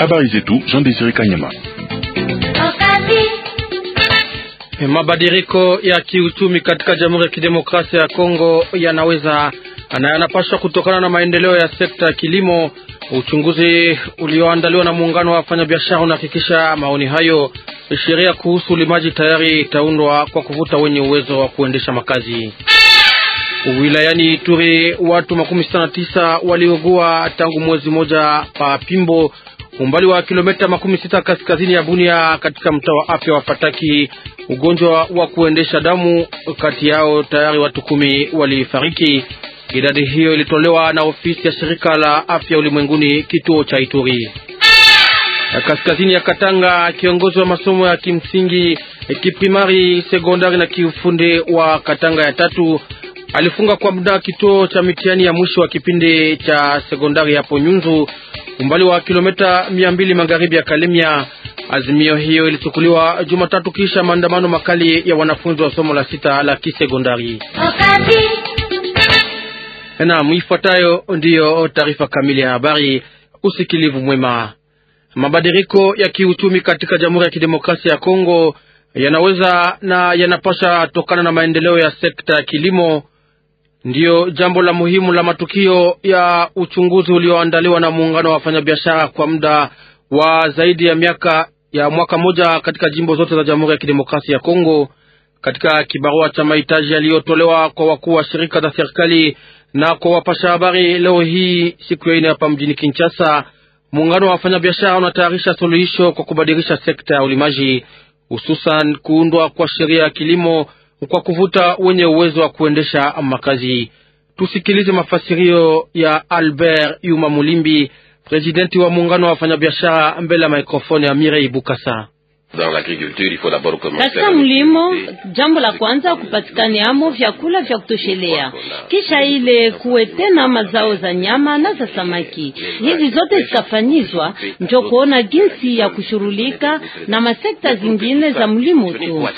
Habari zetu Jean Desire Kanyama. E, mabadiliko ya kiuchumi katika Jamhuri ya Kidemokrasia ya Kongo yanaweza na yanapaswa kutokana na maendeleo ya sekta ya kilimo. Uchunguzi ulioandaliwa na muungano wa wafanyabiashara unahakikisha maoni hayo. Sheria kuhusu ulimaji tayari itaundwa kwa kuvuta wenye uwezo wa kuendesha makazi. Wilayani Ituri watu makumi sita na tisa waliogua tangu mwezi moja pa Pimbo umbali wa kilomita makumi sita kaskazini ya Bunia, katika mtaa wa afya wa Fataki. Ugonjwa wa kuendesha damu, kati yao tayari watu kumi walifariki. Idadi hiyo ilitolewa na ofisi ya shirika la afya ulimwenguni kituo cha Ituri. Kaskazini ya Katanga, kiongozi wa masomo ya kimsingi kiprimari, sekondari na kiufundi wa Katanga ya tatu alifunga kwa muda kituo cha mitihani ya mwisho wa kipindi cha sekondari hapo Nyunzu umbali wa kilomita mia mbili magharibi ya Kalemia. Azimio hiyo ilichukuliwa Jumatatu kisha maandamano makali ya wanafunzi wa somo la sita la kisekondari. Naam, ifuatayo ndiyo taarifa kamili ya habari. Usikilivu mwema. Mabadiliko ya kiuchumi katika Jamhuri ya Kidemokrasia ya Kongo yanaweza na yanapasha tokana na maendeleo ya sekta ya kilimo ndiyo jambo la muhimu la matukio ya uchunguzi ulioandaliwa na muungano wa wafanyabiashara kwa muda wa zaidi ya miaka ya mwaka mmoja katika jimbo zote za Jamhuri ya Kidemokrasia ya Kongo. Katika kibarua cha mahitaji yaliyotolewa kwa wakuu wa shirika za serikali na kwa wapasha habari leo hii siku ya ine hapa mjini Kinshasa, muungano wa wafanyabiashara unatayarisha suluhisho kwa kubadilisha sekta ya ulimaji, hususan kuundwa kwa sheria ya kilimo kwa kuvuta wenye uwezo wa kuendesha makazi. Tusikilize mafasirio ya Albert Yuma Mulimbi, prezidenti wa muungano wa wafanyabiashara, mbele ya mikrofoni ya Mirei Bukasa. Katika mlimo, jambo la kwanza kupatikaniamo vyakula vya kutoshelea, kisha ile kuwe tena mazao za nyama na za samaki. Hizi zote zitafanyizwa njo kuona jinsi ya kushurulika na masekta zingine za mlimo tu.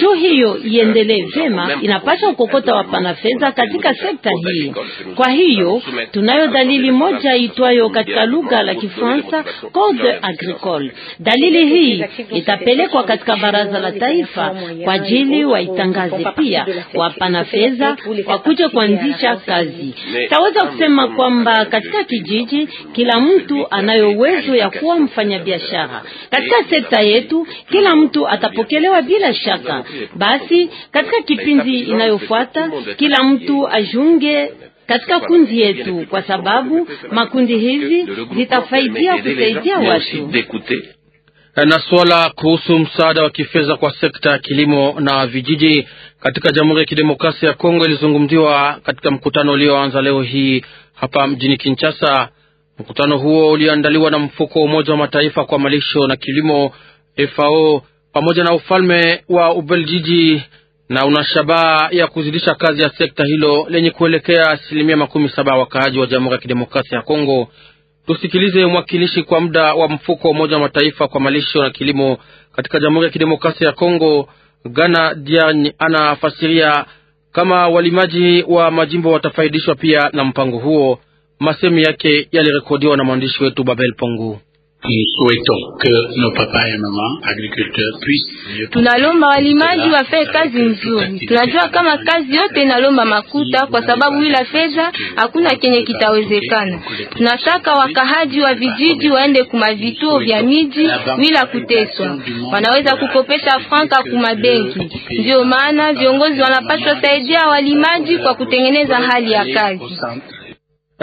Juu hiyo iendelee vyema, inapasha ukokota wapana fedha katika sekta hii. Kwa hiyo tunayo dalili moja itwayo katika lugha la Kifaransa code agricole. Dalili hii ita itapelekwa katika baraza la taifa kwa ajili waitangaze, pia wapana fedha wakuja kuanzisha kazi. Taweza kusema kwamba katika kijiji kila mtu anayo uwezo ya kuwa mfanyabiashara. Katika sekta yetu kila mtu atapokelewa bila shaka. Basi katika kipindi inayofuata kila mtu ajunge katika kundi yetu, kwa sababu makundi hizi zitafaidia kusaidia watu. Eh, na suala kuhusu msaada wa kifedha kwa sekta ya kilimo na vijiji katika Jamhuri ya Kidemokrasia ya Kongo ilizungumziwa katika mkutano ulioanza leo hii hapa mjini Kinshasa. Mkutano huo uliandaliwa na mfuko wa Umoja wa Mataifa kwa malisho na kilimo FAO pamoja na ufalme wa Ubeljiji na una shabaha ya kuzidisha kazi ya sekta hilo lenye kuelekea asilimia makumi saba ya wakaaji wa Jamhuri ya Kidemokrasia ya Kongo. Tusikilize mwakilishi kwa muda wa mfuko wa Umoja wa Mataifa kwa malisho na kilimo katika Jamhuri ya Kidemokrasia ya Kongo, Ghana Dian anafasiria kama walimaji wa majimbo watafaidishwa pia na mpango huo. Masemi yake yalirekodiwa na mwandishi wetu Babel Pongu. Nous souhaitons que nos papas et maman agriculteurs puissent Tunalomba walimaji wafanye kazi nzuri. Tunajua kama kazi yote inalomba makuta, kwa sababu bila fedha hakuna kenye kitawezekana. Tunataka wakahaji wa vijiji waende kuma vituo vya miji bila kuteswa, wanaweza kukopesha franka kuma benki. Ndio maana viongozi wanapaswa saidia walimaji kwa kutengeneza hali ya kazi.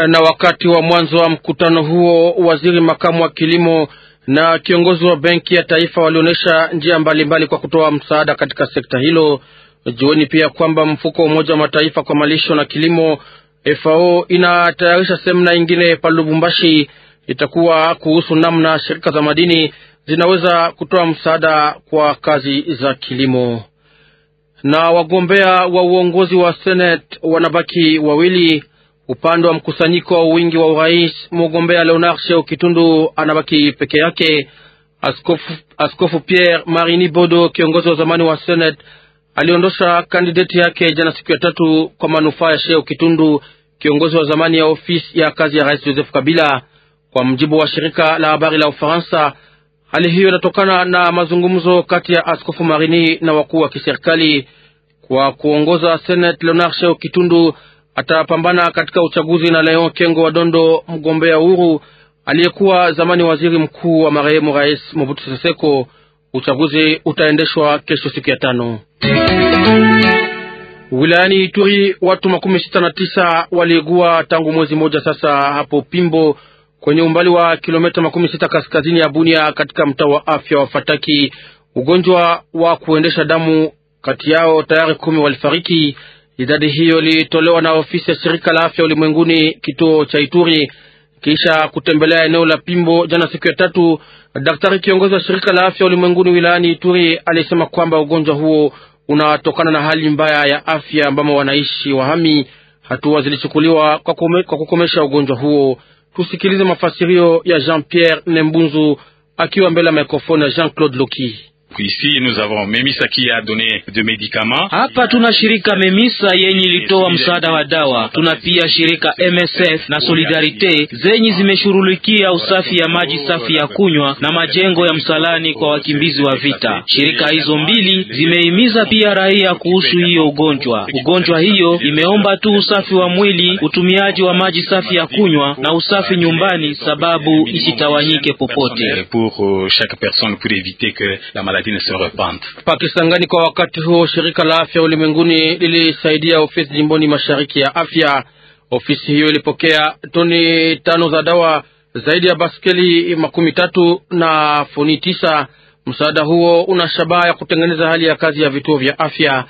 Na wakati wa mwanzo wa mkutano huo, waziri makamu wa kilimo na kiongozi wa benki ya taifa walionyesha njia mbalimbali mbali kwa kutoa msaada katika sekta hilo. Jueni pia kwamba mfuko wa Umoja wa Mataifa kwa malisho na kilimo FAO inatayarisha semina ingine pa Lubumbashi, itakuwa kuhusu namna shirika za madini zinaweza kutoa msaada kwa kazi za kilimo. Na wagombea wa uongozi wa Senate wanabaki wawili. Upande wa mkusanyiko wa wingi wa urais, mgombea Leonard Sheu Kitundu anabaki peke yake. Askofu, Askofu Pierre Marini Bodo, kiongozi wa zamani wa Senate, aliondosha kandideti yake jana siku ya tatu kwa manufaa ya Sheu Kitundu, kiongozi wa zamani ya ofisi ya kazi ya rais Joseph Kabila. Kwa mjibu wa shirika la habari la Ufaransa, hali hiyo inatokana na mazungumzo kati ya Askofu Marini na wakuu wa kiserikali. Kwa kuongoza Senate, Leonard Sheu Kitundu atapambana katika uchaguzi na Leon Kengo wa Dondo, mgombea huru aliyekuwa zamani waziri mkuu wa marehemu Rais Mobutu Seseko. Uchaguzi utaendeshwa kesho siku ya tano. Wilayani Ituri watu makumi sita na tisa waliigua tangu mwezi mmoja sasa hapo Pimbo kwenye umbali wa kilometa makumi sita kaskazini ya Bunia katika mtaa wa afya wa Fataki ugonjwa wa kuendesha damu. Kati yao tayari kumi walifariki. Idadi hiyo ilitolewa na ofisi ya shirika la afya ulimwenguni kituo cha Ituri kisha kutembelea eneo la Pimbo jana siku ya tatu. Daktari kiongozi wa shirika la afya ulimwenguni wilayani Ituri alisema kwamba ugonjwa huo unatokana na hali mbaya ya afya ambamo wanaishi wahami. Hatua zilichukuliwa kwa, kume, kwa kukomesha ugonjwa huo. Tusikilize mafasirio ya Jean Pierre Nembunzu akiwa mbele ya mikrofoni ya Jean Claude Loki. Hapa tuna shirika Memisa yenye ilitoa msaada wa dawa. Tuna pia shirika MSF na Solidarite zenye zimeshughulikia usafi ya maji safi ya kunywa na majengo ya msalani kwa wakimbizi wa vita. Shirika hizo mbili zimehimiza pia raia kuhusu hiyo ugonjwa. Ugonjwa hiyo imeomba tu usafi wa mwili, utumiaji wa maji safi ya kunywa na usafi nyumbani, sababu isitawanyike popote. Euh, lakini sio repant Pakistangani. Kwa wakati huo shirika la afya ulimwenguni lilisaidia ofisi jimboni mashariki ya afya. Ofisi hiyo ilipokea toni tano za dawa zaidi ya baskeli makumi tatu na foni tisa. Msaada huo una shabaha ya kutengeneza hali ya kazi ya vituo vya afya.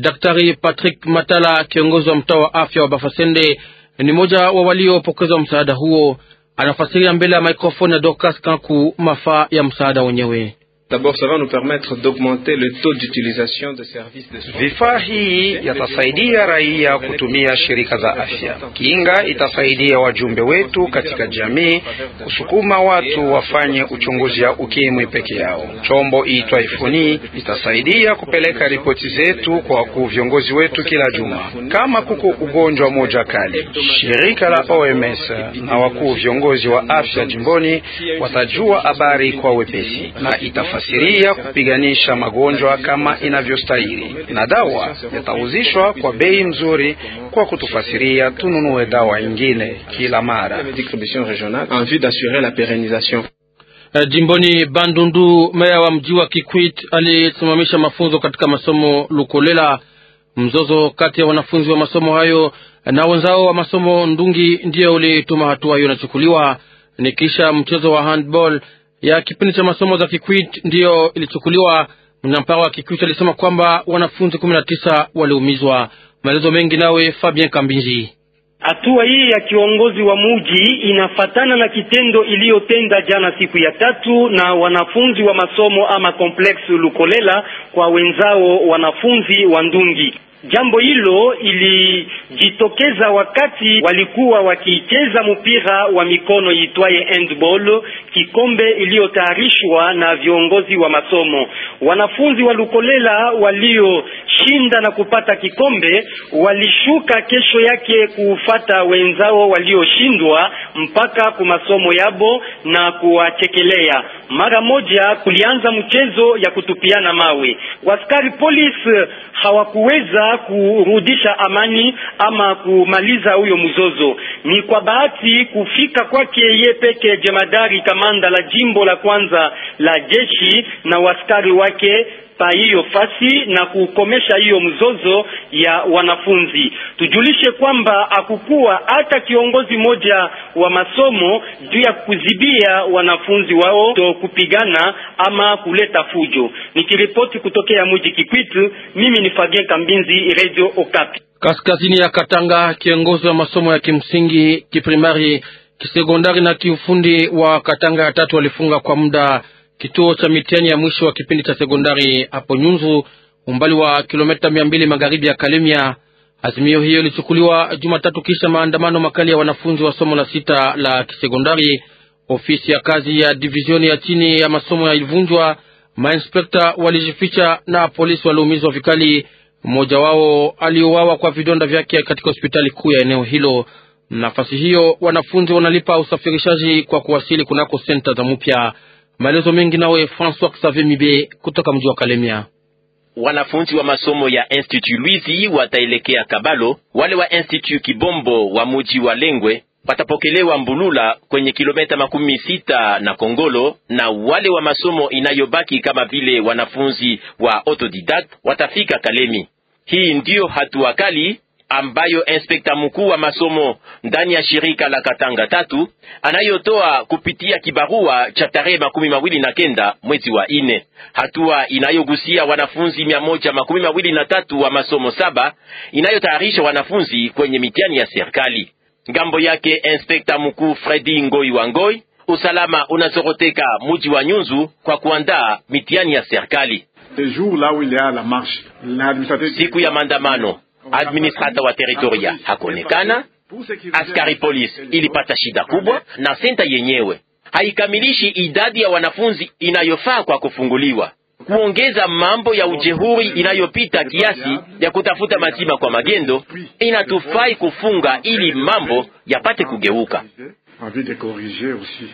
Daktari Patrick Matala, kiongozi wa mtaa wa afya wa Bafasende, ni mmoja wa waliopokezwa msaada huo. Anafasiria mbele ya mikrofoni ya Dokas Kanku mafaa ya msaada wenyewe. D'abord, ça va nous permettre d'augmenter le taux d'utilisation des services de santé. Vifaa hii yatasaidia raia kutumia shirika za afya. Kinga itasaidia wajumbe wetu katika jamii kusukuma watu wafanye uchunguzi ya ukimwi peke yao. Chombo iitwa Ifuni itasaidia kupeleka ripoti zetu kwa wakuu viongozi wetu kila juma, kama kuko ugonjwa moja kali. Shirika la OMS na wakuu viongozi wa afya jimboni watajua habari kwa wepesi na itafaa kufasiria kupiganisha magonjwa kama inavyostahili, na dawa yatauzishwa kwa bei mzuri kwa kutufasiria tununue dawa nyingine kila mara. Eh, jimboni Bandundu, meya wa mji wa Kikwit alisimamisha mafunzo katika masomo Lukolela. Mzozo kati ya wanafunzi wa masomo hayo na wenzao wa masomo Ndungi ndiyo ulituma hatua hiyo inachukuliwa. Ni kisha mchezo wa handball ya kipindi cha masomo za Kikwit ndiyo ilichukuliwa. Mnampara wa Kikwit alisema kwamba wanafunzi kumi na tisa waliumizwa. Maelezo mengi nawe Fabien Kambinji. Hatua hii ya kiongozi wa muji inafatana na kitendo iliyotenda jana siku ya tatu na wanafunzi wa masomo ama complex Lukolela kwa wenzao wanafunzi wa Ndungi. Jambo hilo ilijitokeza wakati walikuwa wakicheza mpira wa mikono itwaye handball, kikombe iliyotayarishwa na viongozi wa masomo. Wanafunzi wa Lukolela walioshinda na kupata kikombe walishuka kesho yake kufata wenzao walioshindwa mpaka masomo yabo na kuwachekelea. Mara moja kulianza mchezo ya kutupiana mawe. Waskari polisi hawakuweza kurudisha amani ama kumaliza huyo mzozo. Ni kwa bahati kufika kwake yeye peke jemadari kamanda la jimbo la kwanza la jeshi na waskari wake pa hiyo fasi na kukomesha hiyo mzozo ya wanafunzi. Tujulishe kwamba hakukuwa hata kiongozi moja wa masomo juu ya kuzibia wanafunzi wao to kupigana ama kuleta fujo. Nikiripoti kutokea mji Kikwitu, mimi ni Fagen Kambinzi, Radio Okapi. Kaskazini ya Katanga, kiongozi wa masomo ya kimsingi, kiprimari, kisekondari na kiufundi wa Katanga ya tatu walifunga kwa muda Kituo cha mitihani ya mwisho wa kipindi cha sekondari hapo Nyunzu, umbali wa kilomita mia mbili magharibi ya Kalemia. Azimio hiyo ilichukuliwa Jumatatu kisha maandamano makali ya wanafunzi wa somo la sita la kisekondari. Ofisi ya kazi ya divizioni ya chini ya masomo yalivunjwa, mainspekta walijificha na polisi waliumizwa vikali. Mmoja wao aliuawa kwa vidonda vyake katika hospitali kuu ya eneo hilo. Nafasi hiyo wanafunzi wanalipa usafirishaji kwa kuwasili kunako senta za mpya. Maelezo mengi nawe François Xavier Mibe kutoka mji wa Kalemia. Wanafunzi wa masomo ya Institut Luizi wataelekea Kabalo, wale wa Institut Kibombo wa muji wa Lengwe watapokelewa Mbulula kwenye kilomita makumi sita na Kongolo, na wale wa masomo inayobaki kama vile wanafunzi wa autodidact watafika Kalemi. Hii ndiyo hatua kali ambayo inspekta mkuu wa masomo ndani ya shirika la Katanga tatu anayotoa kupitia kibarua cha tarehe makumi mawili na kenda mwezi wa ine, hatua inayogusia wanafunzi mia moja makumi mawili na tatu wa masomo saba inayotayarisha wanafunzi kwenye mitihani ya serikali. Ngambo yake inspekta mkuu Fredi Ngoi wa Ngoi, usalama unazoroteka muji wa Nyunzu kwa kuandaa mitihani ya serikali siku ya maandamano administrata wa teritoria hakuonekana. Askari polisi ilipata shida kubwa, na senta yenyewe haikamilishi idadi ya wanafunzi inayofaa kwa kufunguliwa, kuongeza mambo ya ujehuri inayopita kiasi ya kutafuta mazima kwa magendo. Inatufai kufunga ili mambo yapate kugeuka.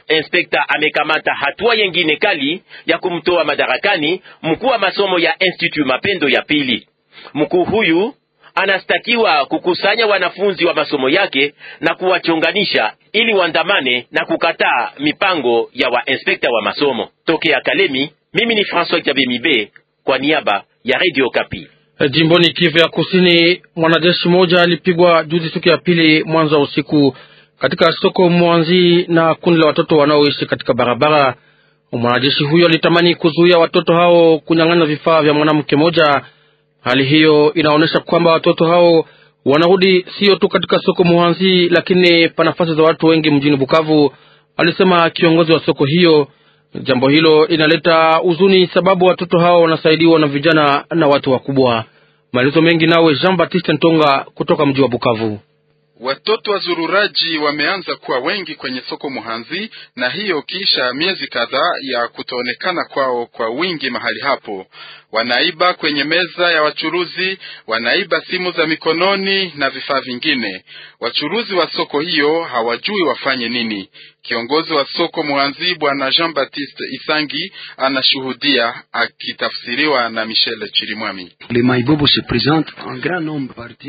Inspekta amekamata hatua yengine kali ya kumtoa madarakani mkuu wa masomo ya Institut Mapendo ya pili. Mkuu huyu anastakiwa kukusanya wanafunzi wa masomo yake na kuwachonganisha ili wandamane na kukataa mipango ya wainspekta wa masomo. Tokea Kalemi, mimi ni François Jabemibe kwa niaba ya Radio Kapi. Eh, jimboni Kivu ya Kusini, mwanajeshi mmoja alipigwa juzi siku ya pili mwanzo wa usiku katika soko Mwanzi na kundi la watoto wanaoishi katika barabara. Mwanajeshi huyo alitamani kuzuia watoto hao kunyang'anya vifaa vya mwanamke mmoja Hali hiyo inaonyesha kwamba watoto hao wanarudi sio tu katika soko Muhanzi, lakini pa nafasi za watu wengi mjini Bukavu, alisema kiongozi wa soko hiyo. Jambo hilo inaleta huzuni, sababu watoto hao wanasaidiwa na vijana na watu wakubwa. Maelezo mengi nawe Jean Baptiste Ntonga kutoka mji wa Bukavu. Watoto wazururaji wameanza kuwa wengi kwenye soko Muhanzi, na hiyo kisha miezi kadhaa ya kutoonekana kwao kwa wingi mahali hapo wanaiba kwenye meza ya wachuruzi, wanaiba simu za mikononi na vifaa vingine. Wachuruzi wa soko hiyo hawajui wafanye nini. Kiongozi wa soko Mwanzi bwana Jean Baptiste Isangi anashuhudia akitafsiriwa na Michel Chirimwami.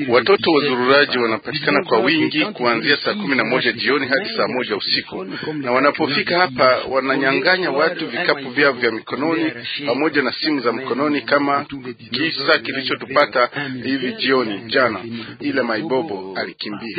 Watoto wazururaji wanapatikana kwa wingi kuanzia saa kumi na moja jioni hadi saa moja usiku, na wanapofika hapa wananyang'anya watu vikapu vyao vya mikononi pamoja na simu za mkononi jioni kama kisa kilichotupata hivi jioni jana, ile maibobo alikimbia.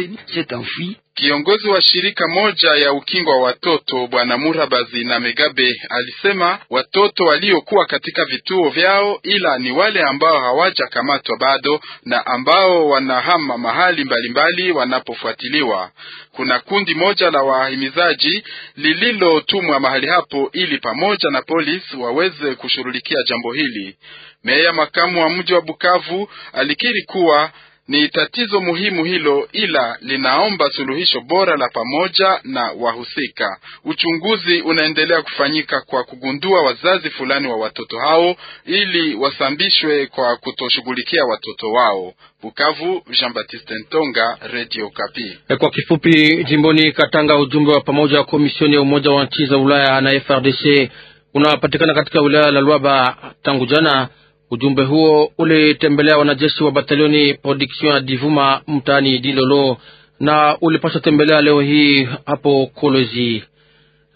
Kiongozi wa shirika moja ya ukingo wa watoto bwana Murabazi na Megabe alisema watoto waliokuwa katika vituo vyao, ila ni wale ambao hawajakamatwa bado na ambao wanahama mahali mbalimbali wanapofuatiliwa. Kuna kundi moja la wahimizaji lililotumwa mahali hapo ili pamoja na polisi waweze kushughulikia jambo hili. Meya makamu wa mji wa Bukavu alikiri kuwa ni tatizo muhimu hilo, ila linaomba suluhisho bora la pamoja na wahusika. Uchunguzi unaendelea kufanyika kwa kugundua wazazi fulani wa watoto hao ili wasambishwe kwa kutoshughulikia watoto wao. Bukavu, Jean Baptiste Ntonga, Radio Kapi. E, kwa kifupi, jimboni Katanga, ujumbe wa pamoja wa komisioni ya Umoja wa Nchi za Ulaya na FRDC unapatikana katika wilaya la Lwaba tangu jana Ujumbe huo ulitembelea wanajeshi wa batalioni Production ya Divuma mtaani Dilolo na ulipaswa tembelea leo hii hapo Kolwezi.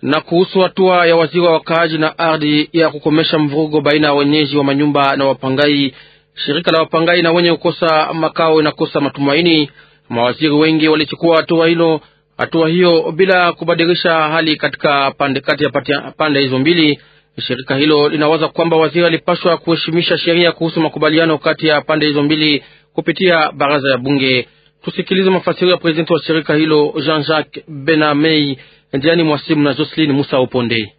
Na kuhusu hatua ya waziri wa wakaaji na ardhi ya kukomesha mvurugo baina ya wenyeji wa manyumba na wapangai, shirika la wapangai na wenye kukosa makao inakosa matumaini. Mawaziri wengi walichukua hatua hilo hatua hiyo bila kubadilisha hali katika pande kati ya pande hizo mbili Shirika hilo linawaza kwamba waziri alipashwa kuheshimisha sheria kuhusu makubaliano kati ya pande hizo mbili kupitia baraza ya bunge. Tusikilize mafasiri ya prezidenti wa shirika hilo Jean-Jacques Benamei, ndiani Mwasimu na joselin Musa uponde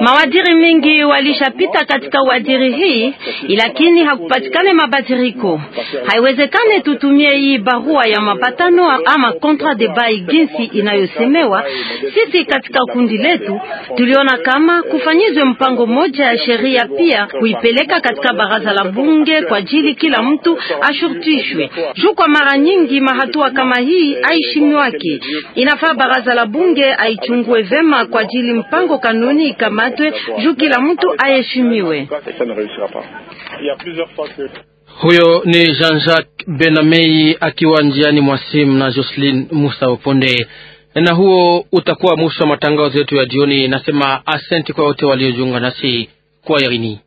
Mawaziri mingi walishapita katika uwaziri hii, lakini hakupatikane mabadiriko. Haiwezekane tutumie hii barua ya mapatano ama contrat de bail jinsi inayosemewa. Sisi katika kundi letu tuliona kama kufanyizwe mpango moja ya sheria, pia kuipeleka katika baraza la bunge kwa ajili kila mtu ashurutishwe juu. Kwa mara nyingi mahatua kama hii haishimiwaki, inafaa baraza la bunge aichungu chague vema kwa ajili mpango kanuni ikamatwe juu kila mtu aheshimiwe. Huyo ni Jean-Jacques Benamei akiwa njiani mwasimu na Jocelyn Musa Oponde. Na huo utakuwa mwisho wa matangazo yetu ya jioni. Nasema asenti kwa wote waliojiunga nasi kwa irini.